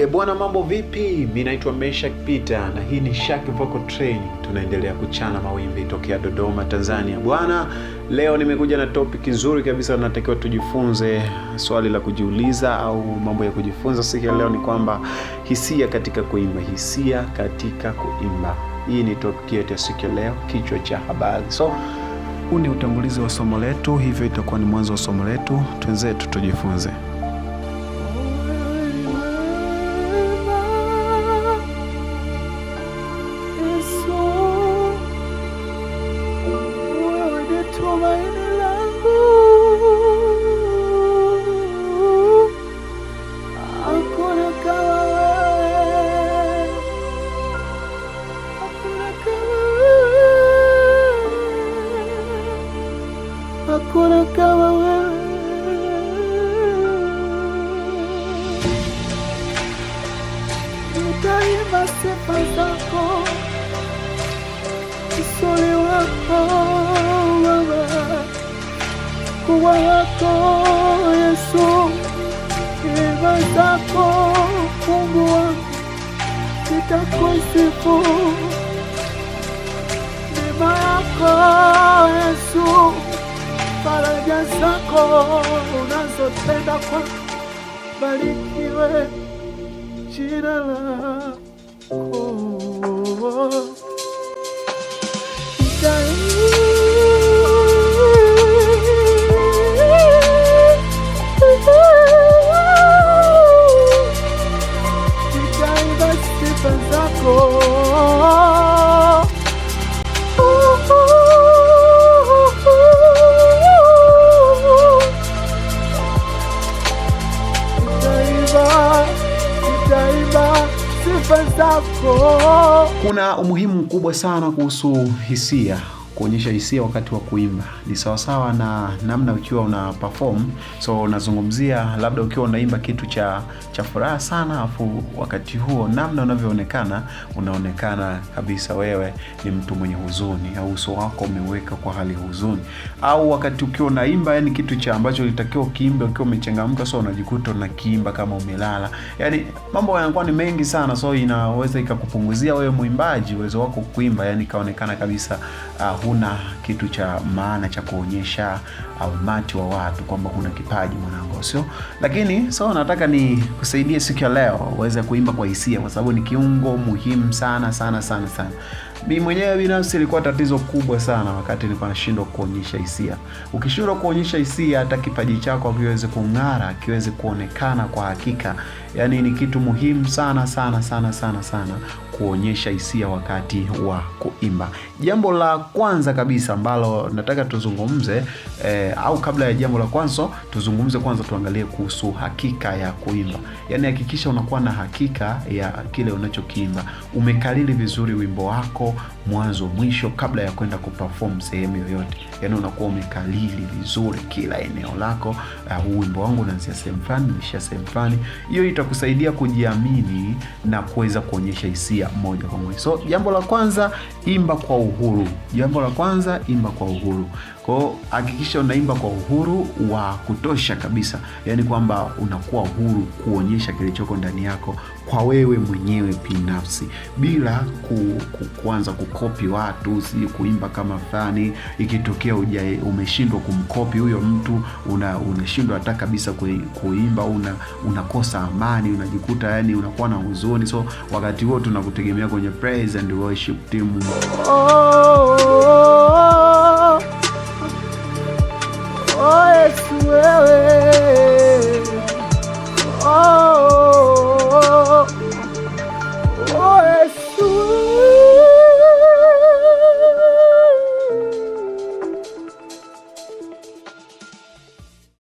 E bwana, mambo vipi? Mi naitwa Meshack Peter na hii ni Shack Vocal Training. Tunaendelea kuchana mawimbi tokea Dodoma, Tanzania. Bwana, leo nimekuja na topic nzuri kabisa, natakiwa tujifunze. Swali la kujiuliza au mambo ya kujifunza siku ya leo ni kwamba hisia katika kuimba, hisia katika kuimba. Hii ni topic yetu ya siku ya leo, kichwa cha habari. So huu ni utangulizi wa somo letu, hivyo itakuwa ni mwanzo wa somo letu. Twenzetu tujifunze. wako Yesu, iva zako Mungu wangu, nitakusifu neema yako Yesu, faraja zako unazotenda kwa barikiwe jina lako. Kuna umuhimu mkubwa sana kuhusu hisia kuonyesha hisia wakati wa kuimba. Ni sawasawa na namna ukiwa una perform, so unazungumzia labda ukiwa unaimba kitu cha cha furaha sana, afu wakati huo namna unavyoonekana, unaonekana kabisa wewe ni mtu mwenye huzuni, au uso wako umeweka kwa hali huzuni, au wakati ukiwa unaimba, yani kitu cha ambacho ulitakiwa ukiimbe ukiwa umechangamka, so unajikuta unakiimba kama umelala. Yani mambo yanakuwa ni mengi sana, so inaweza ikakupunguzia wewe mwimbaji uwezo wako kuimba, yani kaonekana kabisa uh, hakuna kitu cha maana cha kuonyesha umati wa watu kwamba kuna kipaji mwanangu, sio? Lakini so nataka kusaidia siku ya leo uweze kuimba kwa hisia, kwa sababu ni kiungo muhimu sana sana sana sana mi mwenyewe binafsi ilikuwa tatizo kubwa sana wakati nilikuwa nashindwa kuonyesha hisia. Ukishindwa kuonyesha hisia, hata kipaji chako kiweze kung'ara, kiweze kuonekana kwa hakika. Yaani ni kitu muhimu sana sana sana sana sana kuonyesha hisia wakati wa kuimba. Jambo la kwanza kabisa ambalo nataka tuzungumze eh, au kabla ya jambo la kwanza tuzungumze, kwanza tuangalie kuhusu hakika ya kuimba. Yaani hakikisha unakuwa na hakika ya kile unachokiimba, umekalili vizuri wimbo wako mwanzo mwisho, kabla ya kwenda kuperform sehemu yoyote. Yani unakuwa umekalili vizuri kila eneo lako. Ah, huu uh, wimbo wangu unaanzia sehemu fulani, naishia sehemu fulani. Hiyo itakusaidia kujiamini na kuweza kuonyesha hisia moja kwa moja. So jambo la kwanza, imba kwa uhuru. Jambo la kwanza, imba kwa uhuru. Kwa hakikisha unaimba kwa uhuru wa kutosha kabisa, yani kwamba unakuwa huru kuonyesha kilichoko ndani yako kwa wewe mwenyewe binafsi, bila ku, ku, kuanza kukopi watu, si kuimba kama fulani. Ikitokea umeshindwa kumkopi huyo mtu, unashindwa una hata kabisa kuimba, una unakosa amani, unajikuta yani unakuwa na huzuni. So wakati huo tunakutegemea kwenye praise and worship team. Oh, oh, oh, oh, Yesu wewe